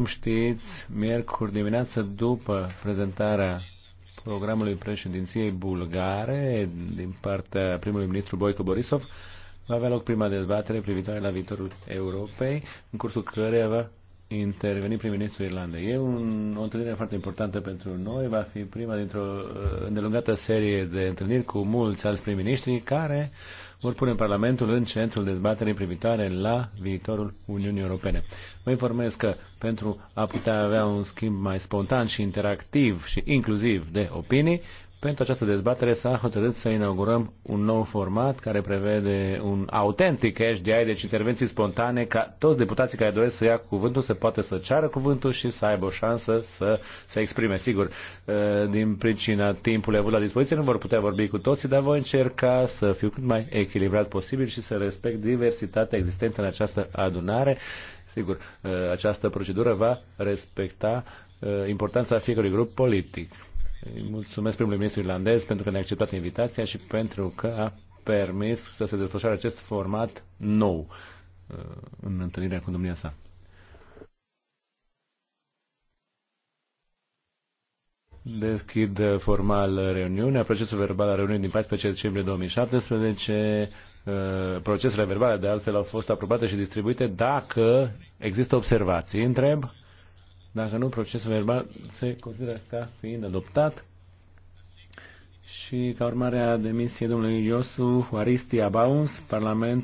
cum știți, miercuri dimineață după prezentarea programului președinției bulgare din partea primului ministru Boico Borisov, va avea loc prima dezbatere privitoare la viitorul Europei, în cursul căreia va interveni prim-ministrul Irlandei. E un, o întâlnire foarte importantă pentru noi, va fi prima dintr-o uh, îndelungată serie de întâlniri cu mulți alți prim-ministri care vor pune Parlamentul în centrul dezbaterii privitoare la viitorul Uniunii Europene. Vă informez că pentru a putea avea un schimb mai spontan și interactiv și inclusiv de opinii, pentru această dezbatere s-a hotărât să inaugurăm un nou format care prevede un autentic HDI, deci intervenții spontane, ca toți deputații care doresc să ia cuvântul să poată să ceară cuvântul și să aibă o șansă să se exprime. Sigur, eh, din pricina timpului avut la dispoziție nu vor putea vorbi cu toții, dar voi încerca să fiu cât mai echilibrat posibil și să respect diversitatea existentă în această adunare. Sigur, eh, această procedură va respecta eh, importanța fiecărui grup politic. Îi mulțumesc primului ministru irlandez pentru că ne-a acceptat invitația și pentru că a permis să se desfășoare acest format nou uh, în întâlnirea cu domnia sa. Deschid formal reuniunea, procesul verbal al reuniunii din 14 decembrie 2017. Uh, procesele verbale, de altfel, au fost aprobate și distribuite. Dacă există observații, întreb. Dacă nu, procesul verbal se consideră ca fiind adoptat și ca urmare a demisiei domnului Iosu Huaristi Abauns, Parlament